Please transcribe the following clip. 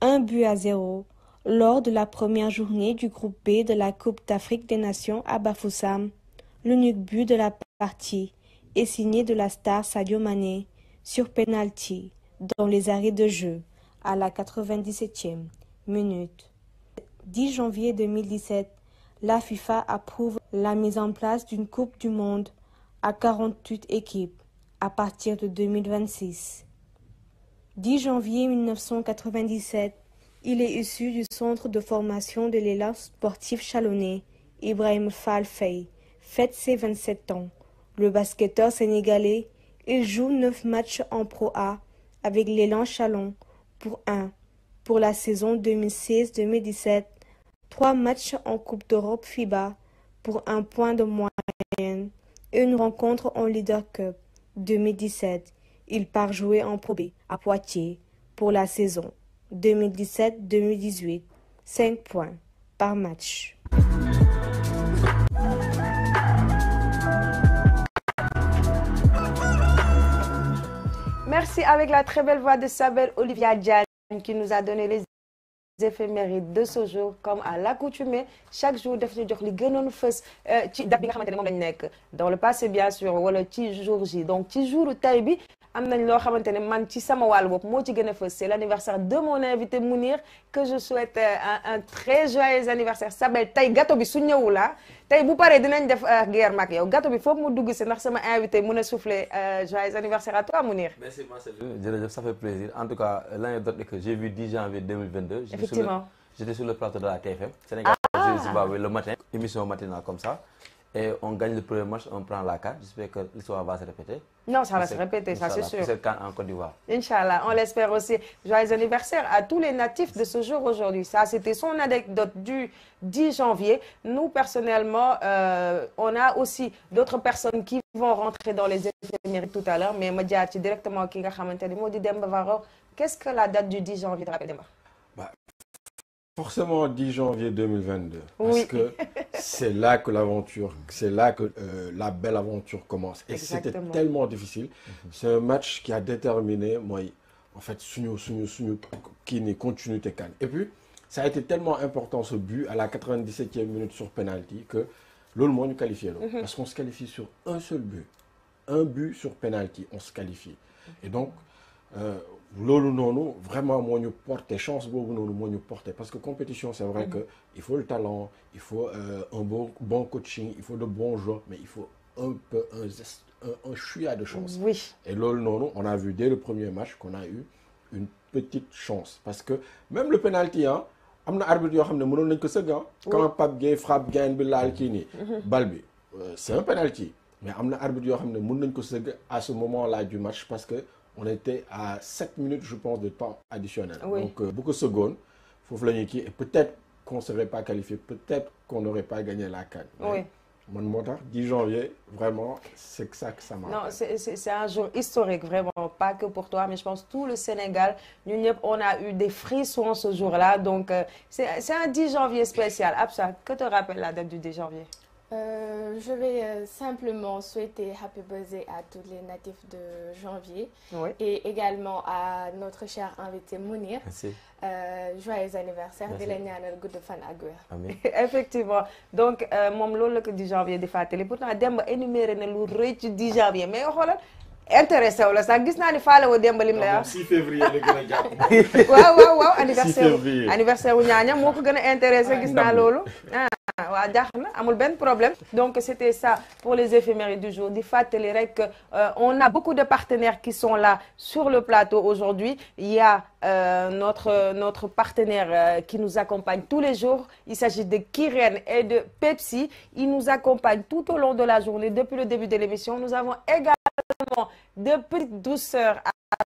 un but à zéro lors de la première journée du groupe B de la Coupe d'Afrique des Nations à Bafoussam. L'unique but de la partie est signé de la star Sadio Mané sur penalty dans les arrêts de jeu à la 97e minute. 10 janvier 2017, la FIFA approuve la mise en place d'une Coupe du Monde à 48 équipes à partir de 2026. 10 janvier 1997, il est issu du centre de formation de l'élan sportif chalonnais, Ibrahim Falfey, fête ses 27 ans. Le basketteur sénégalais, il joue 9 matchs en Pro A avec l'élan Chalon pour 1. Pour la saison 2016-2017, 3 matchs en Coupe d'Europe FIBA pour un point de moyenne et une rencontre en Leader Cup 2017 il part jouer en Pro à Poitiers pour la saison 2017-2018, 5 points par match. Merci avec la très belle voix de Sabelle Olivia Diane qui nous a donné les éphémérides de ce jour comme à l'accoutumée chaque jour de jox li gënoon qui euh, ci dans le passé bien sûr wala le jour donc ci jour man ci sama c'est l'anniversaire de mon invité Mounir que je souhaite euh, un, très joyeux anniversaire Ça tay gâteau bi ah, vous bu paré dinañ def euh, guerre mag yow gâteau bi vous mu dugg ci ndax sama invité souffler euh, joyeux anniversaire à toi Mounir. merci Marcel euh, ça fait plaisir en tout cas l'année d'autre que j'ai vu 10 janvier 2022. effectivement j'étais sur le plateau de la TFM. Sénégal ah! Zimbabwe le matin émission matinale comme ça et on gagne le premier match, on prend la carte. J'espère que l'histoire va se répéter. Non, ça va se répéter, ça c'est sûr. C'est en Côte d'Ivoire. Inch'Allah, on l'espère aussi. Joyeux anniversaire à tous les natifs de ce jour aujourd'hui. Ça, c'était son anecdote du 10 janvier. Nous, personnellement, euh, on a aussi d'autres personnes qui vont rentrer dans les éphémérides tout à l'heure. Mais es directement, qu'est-ce que la date du 10 janvier de la bah, Forcément 10 janvier 2022. Parce que c'est là que l'aventure, c'est là que euh, la belle aventure commence. Et c'était tellement difficile. Mhm. C'est un match qui a déterminé, moi, en fait, qui n'est continue Cannes. Et puis, ça a été tellement important ce but à la 97e minute sur penalty que l'autre monde qualifiait mhm. Parce qu'on se qualifie sur un seul but. Un but sur penalty, on se qualifie. Et donc, euh, Lolo nous vraiment moi ñu porter chance pour nous nous ñu parce que compétition c'est vrai que mm-hmm. il faut le talent il faut euh, un bon bon coaching il faut de bons joueurs mais il faut un peu un un, chouïa de chance. Oui. Et Lolo non on a vu dès le premier match qu'on a eu une petite chance parce que même le penalty hein amna arbitre ne nañ ko hein. quand Pape frappe gain bi la mm-hmm. euh, c'est un penalty mais amna arbitre ne nañ à ce moment là du match parce que on était à 7 minutes, je pense, de temps additionnel. Donc, euh, beaucoup de secondes. Et peut-être qu'on ne serait pas qualifié, peut-être qu'on n'aurait pas gagné la canne. Oui. Mon 10 janvier, vraiment, c'est que ça que ça marche. Non, c'est un jour historique, vraiment, pas que pour toi, mais je pense tout le Sénégal, nous, on a eu des frissons ce jour-là. Donc, euh, c'est un 10 janvier spécial. Absa, que te rappelle la date du 10 janvier euh, je vais euh, simplement souhaiter happy birthday à tous les natifs de janvier et également à notre cher invité Mounir. Euh, joyeux anniversaire di effectivement donc euh, mon loolu que janvier di fàttali pourtant Demba énuméré énumérer lu rëy du 10 janvier mais intéressé wu la sax gis naa ni faale woo démb lim la. 6 février le gëna japp jàpp. waaw waaw anniversaire anniversaire wu ñaaña moo ko gën a intéressé gis naa loolu. Ah, wa jaxna amul ben problème donc c'était ça pour les éphémérides du jour di les rek euh, on a beaucoup de partenaires qui sont là sur le plateau aujourd'hui il y a euh, notre notre partenaire euh, qui nous accompagne tous les jours il s'agit de Kiren et de Pepsi ils nous accompagnent tout au long de la journée depuis le début de l'émission nous avons également de petites douceurs.